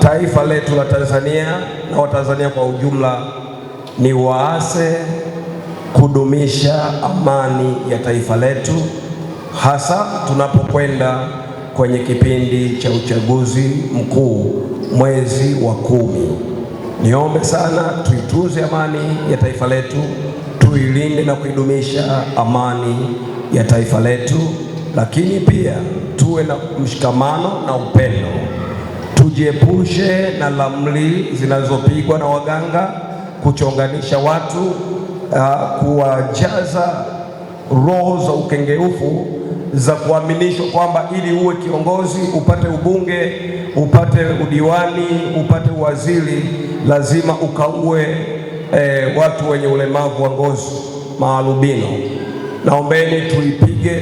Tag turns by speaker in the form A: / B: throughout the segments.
A: Taifa letu la Tanzania na Watanzania kwa ujumla ni waase kudumisha amani ya taifa letu, hasa tunapokwenda kwenye kipindi cha uchaguzi mkuu mwezi wa kumi. Niombe sana tuituze amani ya taifa letu, tuilinde na kuidumisha amani ya taifa letu, lakini pia tuwe na mshikamano na upendo tujiepushe na lamli zinazopigwa na waganga kuchonganisha watu, uh, kuwajaza roho za ukengeufu za kuaminishwa kwamba ili uwe kiongozi, upate ubunge, upate udiwani, upate uwaziri, lazima ukaue eh, watu wenye ulemavu wa ngozi maalubino. Naombeni tuipige,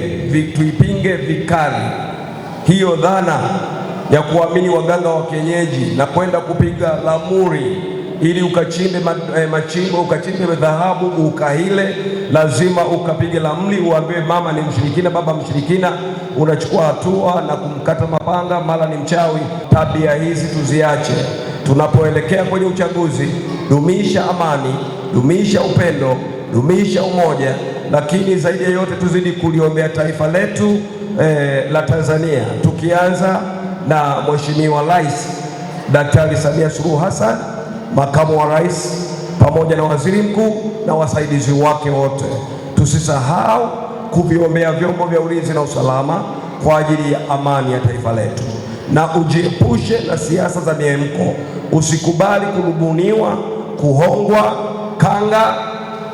A: tuipinge vikali hiyo dhana ya kuamini waganga wa kienyeji na kwenda kupiga lamuri ili ukachimbe eh, machimbo ukachimbe dhahabu ukahile, lazima ukapige lamli, uambiwe mama ni mshirikina, baba mshirikina. Unachukua hatua na kumkata mapanga, mara ni mchawi. Tabia hizi tuziache. Tunapoelekea kwenye uchaguzi, dumisha amani, dumisha upendo, dumisha umoja, lakini zaidi ya yote tuzidi kuliombea taifa letu eh, la Tanzania tukianza na Mheshimiwa Rais Daktari Samia Suluhu Hassan, makamu wa rais, pamoja na waziri mkuu na wasaidizi wake wote. Tusisahau kuviombea vyombo vya ulinzi na usalama kwa ajili ya amani ya taifa letu, na ujiepushe na siasa za miemko. Usikubali kurubuniwa, kuhongwa kanga,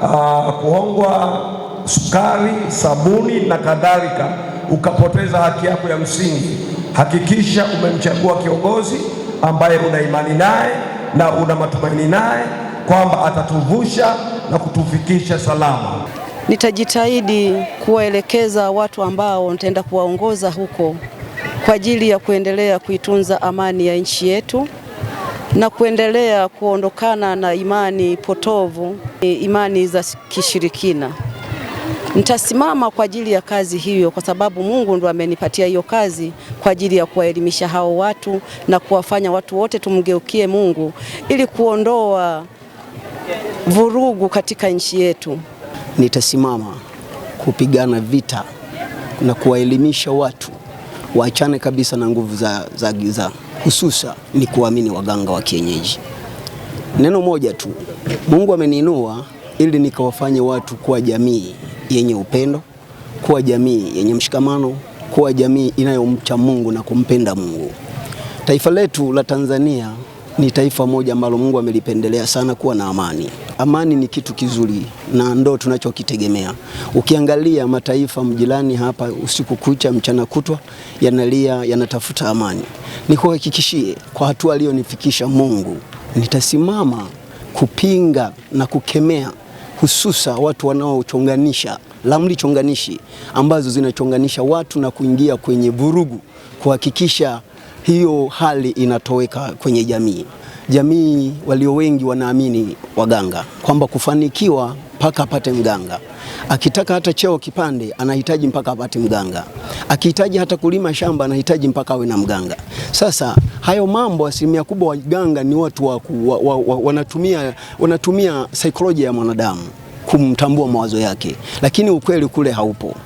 A: uh, kuhongwa sukari, sabuni na kadhalika, ukapoteza haki yako ya msingi Hakikisha umemchagua kiongozi ambaye una imani naye na una matumaini naye kwamba atatuvusha na kutufikisha salama.
B: Nitajitahidi kuwaelekeza watu ambao nitaenda kuwaongoza huko kwa ajili ya kuendelea kuitunza amani ya nchi yetu na kuendelea kuondokana na imani potovu, imani za kishirikina. Nitasimama kwa ajili ya kazi hiyo, kwa sababu Mungu ndo amenipatia hiyo kazi kwa ajili ya kuwaelimisha hao watu na kuwafanya watu wote tumgeukie Mungu ili kuondoa vurugu katika nchi yetu.
C: Nitasimama kupigana vita na kuwaelimisha watu waachane kabisa na nguvu za, za giza, hususa ni kuamini waganga wa kienyeji. Neno moja tu, Mungu ameniinua ili nikawafanye watu kuwa jamii yenye upendo, kuwa jamii yenye mshikamano, kuwa jamii inayomcha Mungu na kumpenda Mungu. Taifa letu la Tanzania ni taifa moja ambalo Mungu amelipendelea sana kuwa na amani. Amani ni kitu kizuri na ndo tunachokitegemea. Ukiangalia mataifa mjirani hapa, usiku kucha, mchana kutwa, yanalia yanatafuta amani. Nikuhakikishie kwa hatua aliyonifikisha Mungu, nitasimama kupinga na kukemea hususa watu wanaochonganisha ramli chonganishi ambazo zinachonganisha watu na kuingia kwenye vurugu, kuhakikisha hiyo hali inatoweka kwenye jamii jamii walio wengi wanaamini waganga kwamba kufanikiwa mpaka apate mganga. Akitaka hata cheo kipande, anahitaji mpaka apate mganga. Akihitaji hata kulima shamba, anahitaji mpaka awe na mganga. Sasa hayo mambo, asilimia kubwa waganga ni watu wa, wa, wa, wa, wanatumia, wanatumia saikolojia ya mwanadamu kumtambua mawazo yake, lakini ukweli kule haupo.